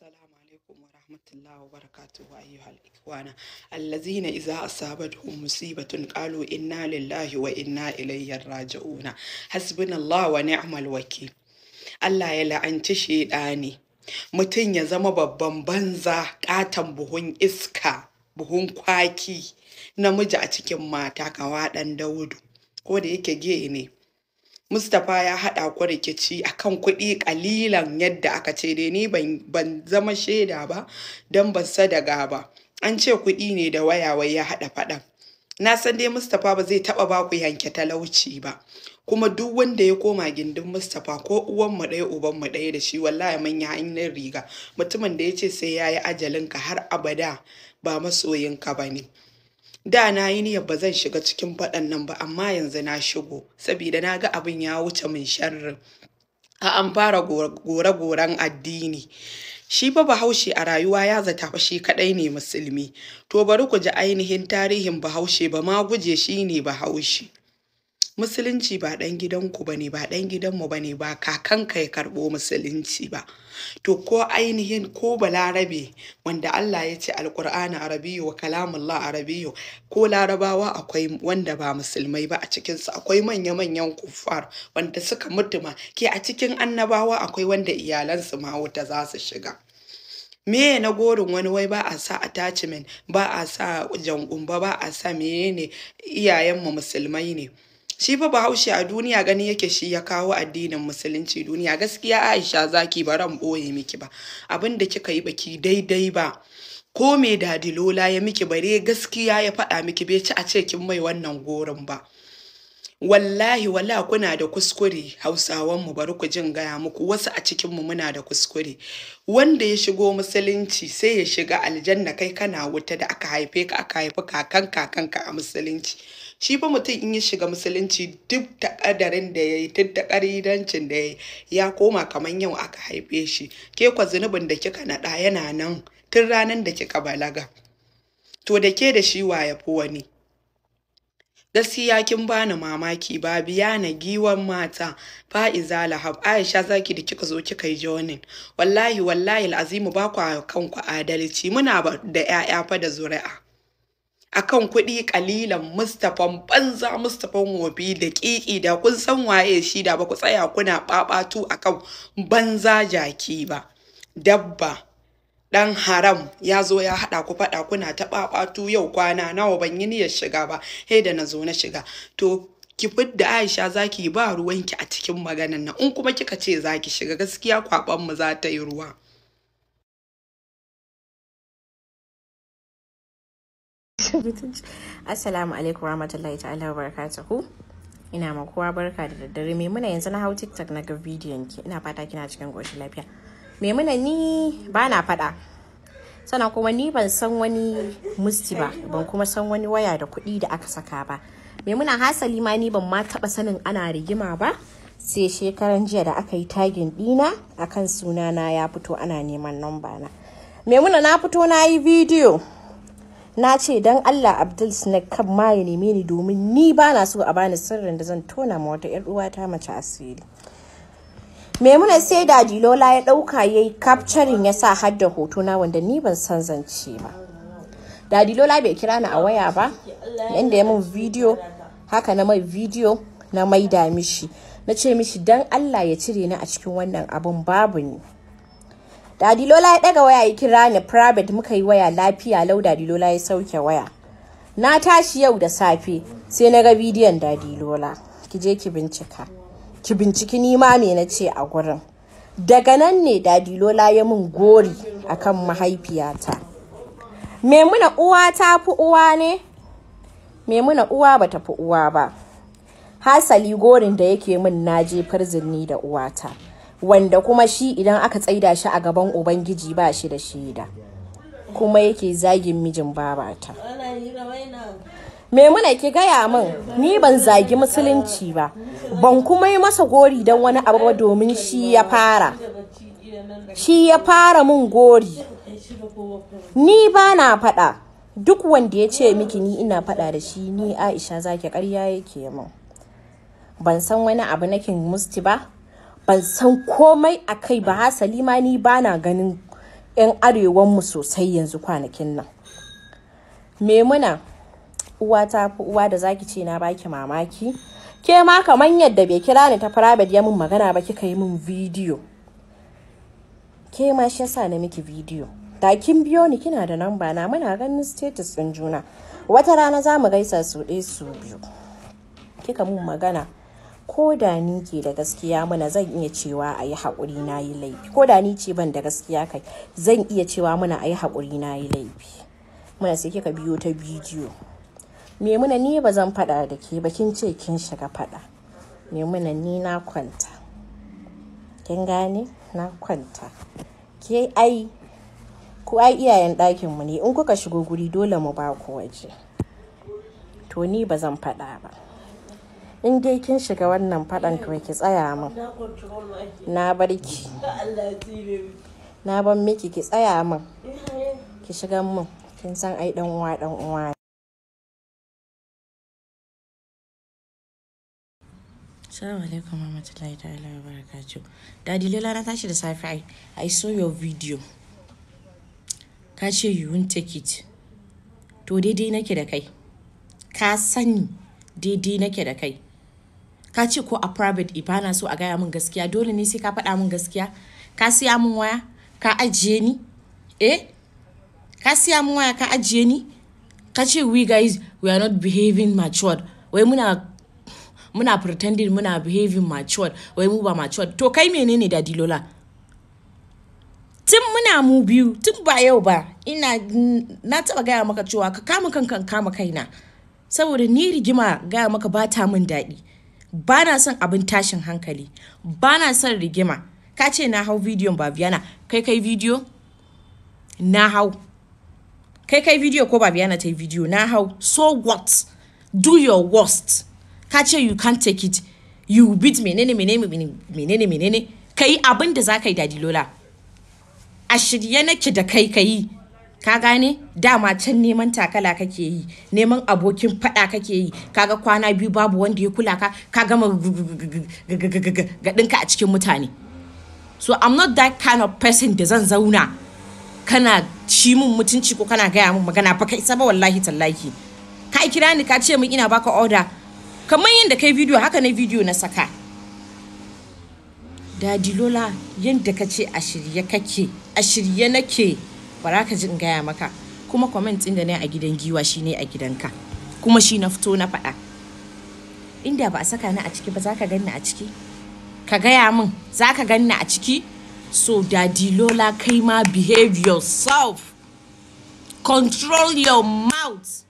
Salamualaikum wa rahmatulah wa barkatu. Wa ayyuhu al'aikwana. Allah zina za a saba da mu musiba Inna lillahi wa inna ilayyar raju'una. Hasbinallahu wa Nimal waki. Allah ya la'anci shiɗani. Mutum ya zama babban banza ɗaton buhun iska, buhun kwaki, namiji a cikin mata, kawa ɗan Dawudu. Kodayake gayene. Mustapha ya haɗa ku rikici akan kuɗi ƙalilan yadda aka ce dai ni ban zama shaida ba don ban sadaga ba. An ce kuɗi ne da wayawai ya haɗa faɗa Na san dai Mustapha ba zai taɓa ba ku yanke talauci ba. Kuma duk wanda ya koma gindin Mustapha ko uwanmu ɗaya ubanmu ɗaya da shi wallahi ya yi hanyar riga. Mutumin da ya ce sai ya yi ajalinka har abada ba masoyinka ba ne. Da na yi niyyar ba zan shiga cikin faɗan nan ba amma yanzu na shigo saboda na ga abin ya wuce min sharrin. A an fara gore-goren addini. Shi fa Bahaushe a rayuwa ya zata fa shi kaɗai ne musulmi. To bari ku ji ainihin tarihin Bahaushe ba ma guje shi ne Bahaushe. musulunci ba ɗan gidanku ba ne ba ɗan gidanmu ba ne ba kakanka ya karɓo musulunci ba to ko ainihin ko balarabe wanda Allah ya ce alƙur'ani arabiyu wa kalamullah arabiyu ko larabawa akwai wanda ba musulmai ba a cikinsu akwai manya-manyan kuffar wanda suka mutu ma ke a cikin annabawa akwai wanda iyalansu ma wuta za su shiga Me na gorin wani wai ba a sa attachment ba a sa jangumba ba a sa menene iyayenmu musulmai ne shi fa bahaushe a duniya gani yake shi ya kawo addinin musulunci duniya gaskiya aisha zaki ba ran ɓoye miki ba abin da kika yi baki daidai ba ko me dadilola ya miki bare gaskiya ya faɗa miki bai ci a ce kin mai wannan gorin ba wallahi wala kuna da kuskure hausawan mu bari ku jin gaya muku wasu a cikin mu muna da kuskure wanda ya shigo musulunci sai ya shiga aljanna kai kana wuta da aka haife ka aka haifi kakan kakanka a musulunci shi fa mutum in ya shiga musulunci duk da kadarin da ya yi duk da karidancin da ya koma kamar yau aka haife shi ke kwa zunubin da kika naɗa yana nan tun ranar da kika balaga to da ke da shi wa ya fi wani gaskiya kin bani mamaki ba biya na giwan mata fa'iza lahab aisha zaki da kika zo kika yi jonin wallahi wallahi al'azimu ba ku kanku adalci muna da 'ya'ya fa da zuri'a akan kuɗi ƙalilan mustafan banza mustafan wobi da ƙiƙi da kun san waye shi da ba ku tsaya kuna ɓaɓatu akan banza jaki ba dabba ɗan haram ya zo ya haɗa ku faɗa kuna ta ɓaɓatu yau kwana nawa ban yi niyyar shiga ba he da na zo na shiga to ki fidda Aisha zaki ba ruwanki a cikin maganan nan in kuma kika ce zaki shiga gaskiya kwaɓanmu za ta yi ruwa mutunci assalamu alaikum rahmatullahi ta'ala wa barakatuhu ina ma kowa barka da daddare me muna yanzu na hau tiktok na ga bidiyon ki ina fata kina cikin ƙoshin lafiya me muna ni ba na faɗa sana kuma ni ban san wani musti ba ban kuma san wani waya da kuɗi da aka saka ba me muna hasali ma ni ban ma taɓa sanin ana rigima ba sai shekaran jiya da aka yi tagin ɗina akan sunana ya fito ana neman lamba na muna na fito na yi bidiyo na ce don allah abdul snack kan ma ya neme ni domin ni ba na so a bani sirrin da zan tona ma wata yar uwata mace asiri maimuna sai da jilola ya dauka ya yi capturing ya sa hadda hoto wanda ni ban san zance ba dadilola Lola bai kira ni a waya ba inda ya min video haka na mai video na maida mishi na ce mishi dan allah ya cire ni a cikin wannan abun babu ne dadilola ya daga waya ya kira ni private muka yi waya lafiya lau dadilola ya sauke waya na tashi yau da safe sai na ga bidiyon dadilola ki je ki bincika ki binciki ni ma me na ce a gurin daga nan ne dadilola ya mun gori akan mahaifiyata memuna uwa ta fi uwa ne memuna uwa ba ta fi uwa ba hasali gorin da yake min na je farzin ni da uwata wanda kuma shi idan aka tsaida shi a gaban ubangiji ba shi da shaida kuma yake zagin mijin babata Me muna ki gaya min ni ban zagi musulunci ba ban kuma yi masa gori don wani abu ba domin shi ya fara shi ya fara mun gori ni ba na faɗa duk wanda ya ce miki ni ina faɗa da shi ni aisha zaki karya yake min ban san wani abu nakin musti ba ban san komai a kai ba hasali ma ni bana ganin 'yan arewanmu sosai yanzu kwanakin nan memuna uwa ta uwa da zaki ce na baki mamaki ke ma kamar yadda bai kira ni ta private ya mun magana ba kika yi min video ke ma shi yasa na miki video da kin biyo ni kina da namba na muna ganin status din juna wata rana za mu gaisa su ɗaya su biyu kika mun magana ko da ni ke da gaskiya mana zan iya cewa a yi haƙuri na yi laifi ko da ni ce ban da gaskiya kai zan iya cewa mana a yi haƙuri na yi laifi muna sai kika biyo ta bidiyo me muna ni ba zan faɗa da ke ba kin ce kin shiga faɗa muna ni na kwanta kin gane na kwanta ke ai ku ai iyayen ɗakin mu ne in kuka shigo guri dole mu ba ku waje to ni ba zan faɗa ba in dai kin shiga wannan faɗan to ki tsaya min na bar ki na ban miki ki tsaya min ki shiga min kin san ai dan uwa dan uwa Assalamu alaikum warahmatullahi ta'ala wa barakatuh. Dadi Lola na tashi da safe ai. I saw your video. Ka ce you won't take it. To daidai nake da kai. Ka sani daidai nake da kai. ka ce ko a private eh, ba na so a gaya min gaskiya dole ne sai ka faɗa min gaskiya ka siya min waya ka ajiye ni eh ka siya min waya ka ajiye ni ka ce we guys we are not behaving matured wai muna muna pretending muna behaving matured wai mu ba matured to kai menene da dilola tun muna mu biyu tun ba yau ba ina na taba gaya maka cewa ka kama kanka kama kaina saboda ni rigima gaya maka ba ta min daɗi ba na son abin tashin hankali ba na son rigima ka ce na hau bidiyon ba biyana kai kai bidiyo na hau kai kai bidiyo ko ba biyana ta yi bidiyo na hau so what do your worst ka ce you can't take it you beat menene menene menene menene ka yi abin da za ka yi lola. a shirye nake da kai ka yi ka gane dama can neman takala kake yi neman abokin fada kake yi kaga kwana biyu babu wanda ya kula ka ka gama gadinka a cikin mutane so i'm not that kind of person da zan zauna kana ci mun mutunci ko kana gaya mun magana ba kai saba wallahi tallaki ka kira ni ka ce min ina baka order kamar yadda kai video. haka na video na saka dadilola yadda ka ce a shirye kake a shirye nake bara ka ji in gaya maka kuma comment ɗin da ne a gidan giwa shine a gidanka kuma shi na fito na faɗa inda ba a saka ni a ciki ba za ka ganni a ciki ka gaya min za ka ganni a ciki so daddy lola kai ma behave yourself control your mouth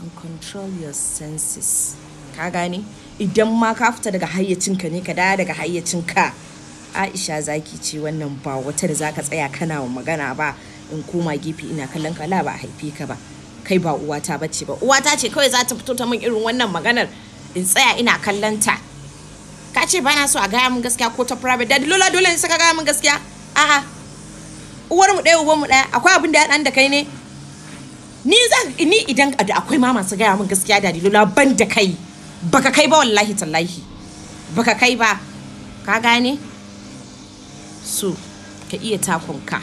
and control your senses ka gane idan ma ka fita daga hayyacinka ne ka dawo daga ka. aisha zaki ce wannan ba wata da zaka tsaya kana wa magana ba in koma gefe ina kallon ka la ba haife ka ba kai ba uwata bace ba uwata ce kawai za ta fito ta min irin wannan maganar in tsaya ina kallon ta ka ce ba na so a gaya min gaskiya ko ta private daddy lola dole ne saka gaya min gaskiya a'a uwar mu ɗaya uwar mu ɗaya akwai abin da ya da kai ne ni zan ni idan akwai ma masu gaya min gaskiya daddy lola ban da kai baka kai ba wallahi tallahi baka kai ba ka gane so ka iya takunka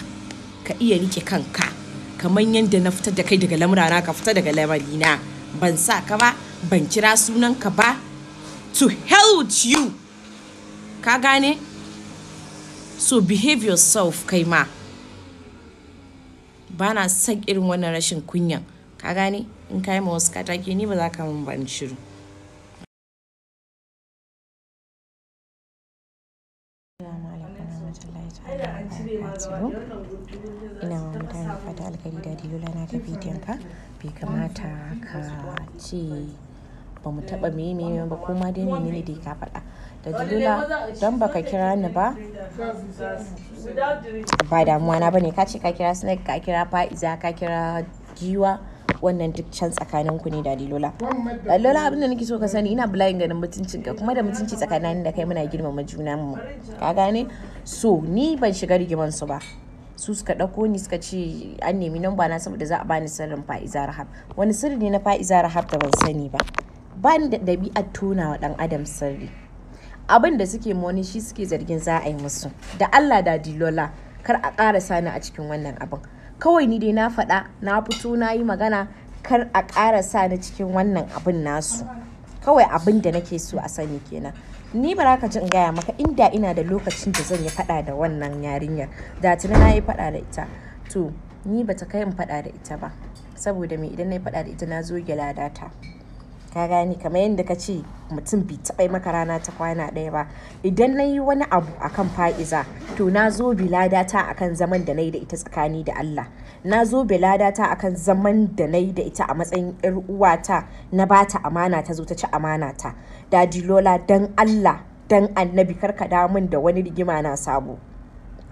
ka iya rike kanka kamar yadda na fita da kai daga lamurana ka fita daga lamarina ban sa ka ba ban kira sunanka ba to hell with you ka gane so behave yourself kai ma ba na son irin wannan rashin kunyan ka gane in ka yi ma wasu katake ni ba za ka min ban shiru ina wa mutane fata alkali da dilola na ta bidiyon bai kamata ka ce ba mu taba mai mai ba ko ma ne ne dai ka faɗa da dilula don ba ka kira ni ba ba damuwa na bane ka ce ka kira snake ka kira fa'iza ka kira giwa wannan duk can tsakanin ku ne da Lola eh, Lola abin da nake so ka sani ina bulayin ganin mutuncin ka kuma da mutunci tsakanin da kai muna girmama juna mu ka gane so ni ban shiga rigiman su ba su suka ɗauko ni suka ce an nemi namba na saboda za a bani sirrin fa'iza rahab wani sirri ne na fa'iza rahab da ban sani ba ba ni da dabi'a tona wa ɗan adam sirri abin da suke moni shi suke zargin za a yi musu da allah da dilola kar a ƙara sani a cikin wannan abin kawai ni dai na faɗa na fito na yi magana kar a ƙara sa ni cikin wannan abin nasu kawai abin da nake so a sani kenan ni ba ka jin gaya maka inda ina da lokacin da zan yi faɗa da wannan yarinyar da tuni na yi faɗa da ita to ni bata kai in faɗa da ita ba saboda me idan na yi faɗa da ita na zo gyalada ta ka gani kamar yadda ka ce mutum bai taɓa maka rana ta kwana ɗaya ba idan na yi wani abu akan fa'iza to na zo biladata akan zaman da na yi da ita tsakani da Allah na zo biladata akan zaman da na yi da ita a matsayin yar uwata na bata amana ta zo ta ci amana ta daji lola dan Allah dan annabi karka da min da wani rigima na sabo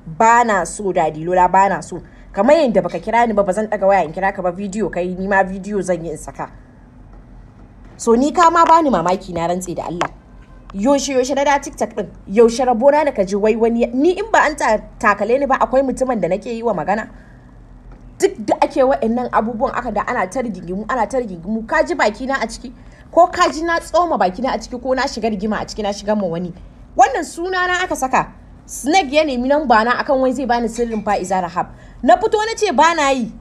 ba na so daji lola ba na so kamar yadda baka kira ni ba ba zan daga waya in kira ka ba bidiyo kai ni ma bidiyo zan yi in saka so ni ka ma bani mamaki na rantse da Allah yaushe yaushe na da tiktok din yaushe rabona da kaji wai wani ni in ba an takale ni ba akwai mutumin da nake yi wa magana duk da ake wa'annan abubuwan aka da ana ta rigingimu ana ta rigingimu ka ji baki na a ciki ko ka na tsoma baki na a ciki ko na shiga rigima a ciki na shiga ma wani wannan suna na aka saka snake ya nemi nan na akan wai zai bani sirrin fa'iza rahab na fito na ce bana yi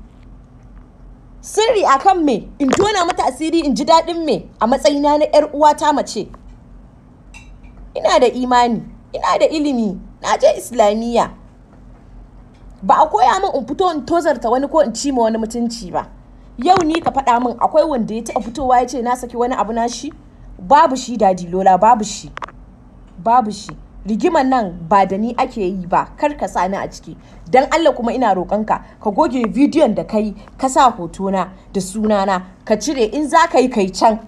sirri akan me in tona mata asiri in ji daɗin me a matsayina na 'yar uwata mace ina da imani ina da ilimi na je islamiyya ba a koya min in fito in tozarta wani ko in ci ma wani mutunci ba yau ni ka faɗa min akwai wanda ya taɓa fitowa ya ce na saki wani abu na shi babu shi dadi lola babu shi babu shi rigiman nan ba da ni ake yi ba kar ka sa ni a ciki dan Allah kuma ina roƙonka ka goge bidiyon da kai ka sa hotona da sunana ka cire in za ka yi kai can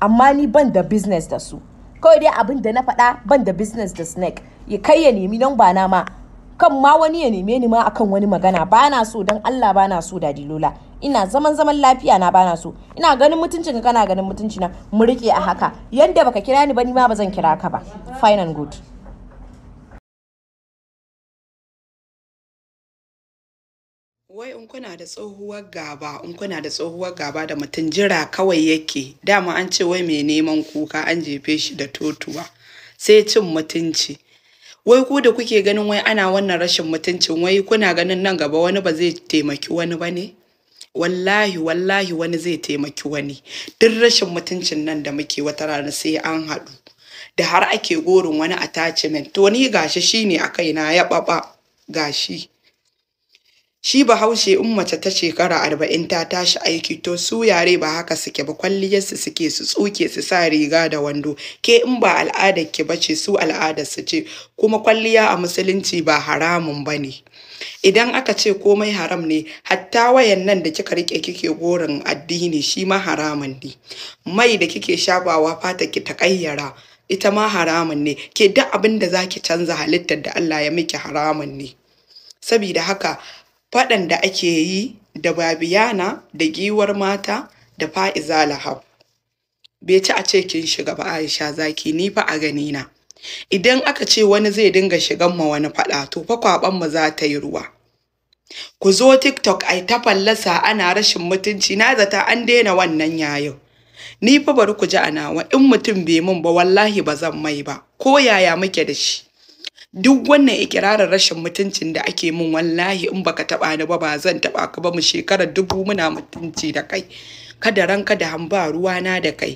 amma ni ban da business da su kawai dai abin da na faɗa ban da business da snake ya kai ya nemi nan ba na ma kan ma wani ya neme ni ma akan wani magana ba na so dan Allah ba na so dadi lola ina zaman zaman lafiya na ba na so ina ganin mutunci kana ganin mutunci na mu rike a haka yanda baka kira ni ba ni ma ba zan kira ka ba fine and good wai in kuna da tsohuwar gaba in kuna da tsohuwar gaba da mutum jira kawai yake dama an ce wai mai neman kuka an jefe shi da totuwa sai cin mutunci wai ku da kuke ganin wai ana wannan rashin mutuncin wai kuna ganin nan gaba wani ba zai taimaki wani ba ne wallahi wallahi wani zai taimaki wani duk rashin mutuncin nan da muke wata rana sai an haɗu da har ake gorin wani attachment to ni gashi shine a kaina ya ɓaɓa gashi Shi Bahaushe in mace ta shekara arba'in ta tashi aiki to su yare ba haka suke ba kwalliyarsu suke su tsuke su sa riga da wando ke in ba al'adar ki bace su al'adar su ce kuma kwalliya a musulunci ba haramun ba ne. Idan aka ce komai haram ne hatta wayan nan da kika rike kike gorin addini shi ma haramun ne. Mai da kike shafawa fata ki ta ita ma haramun ne ke duk abin da zaki canza halittar da Allah ya miki haramun ne. Sabida haka faɗan da ake yi da Babiyana da giwar mata da Fa'iza Lahab. Bai ci a ce kin shiga ba Aisha zaki ni fa a gani na Idan aka ce wani zai dinga shigan ma wani faɗa to fa kwaɓan mu za ta yi ruwa. Ku zo TikTok ai ta fallasa ana rashin mutunci na zata an daina wannan yayin. Ni fa bari ku ji a nawa in mutum bai mun ba wallahi ba zan mai ba ko yaya muke da shi. duk wannan ikirarin rashin mutuncin da ake min wallahi in baka taba ni ba ba zan taba ka ba mu shekarar dubu muna mutunci da kai kada ranka da hamba ruwa na da kai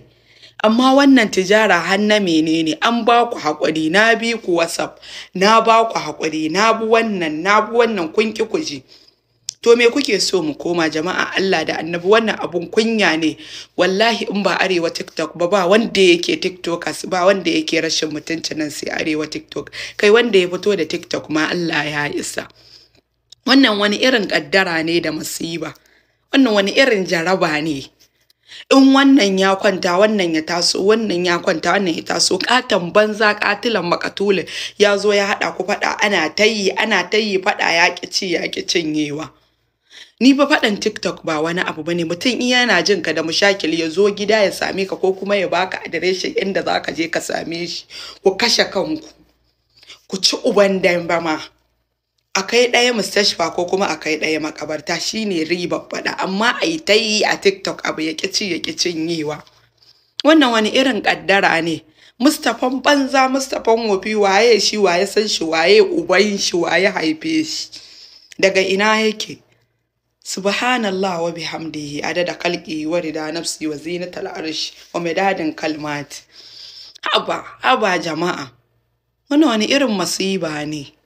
amma wannan tijara har na menene an ba ku haƙuri na bi ku whatsapp na ba ku haƙuri na bi wannan na bi wannan kun ki ku je. to me kuke so mu koma jama'a Allah da annabi wannan abun kunya ne wallahi in ba arewa tiktok ba ba wanda yake tiktokers ba wanda yake rashin mutunci nan sai arewa tiktok kai wanda ya fito da tiktok ma Allah ya isa wannan wani irin kaddara ne da musiba wannan wani irin jaraba ne in wannan ya kwanta wannan ya taso wannan ya kwanta wannan ya taso katon banza katilan makatulin ya zo ya haɗa ku faɗa ana tayi ana tayi faɗa ya ƙi ci ya ƙi cinyewa Ni ba faɗan TikTok ba wani abu bane mutum in yana jin ka da mushakil ya zo gida ya same ka ko kuma ya baka adireshin inda za ka je ka same shi ku kashe kanku ku ci uban ba ma a kai ɗaya mustashfa ko kuma a ɗaya makabarta shine ribar faɗa amma a yi ta yi a TikTok abu ya ƙici ya ƙi cinyewa. Wannan wani irin ƙaddara ne. Mustafan banza Mustafan wofi waye shi waye san shi waye uban shi waye haife shi daga ina yake subhanallah wa bihamdihi adada kalki wa rida nafsi wa zinatal arsh wa dadin kalmati. haba haba jama'a wannan wani irin masiba ne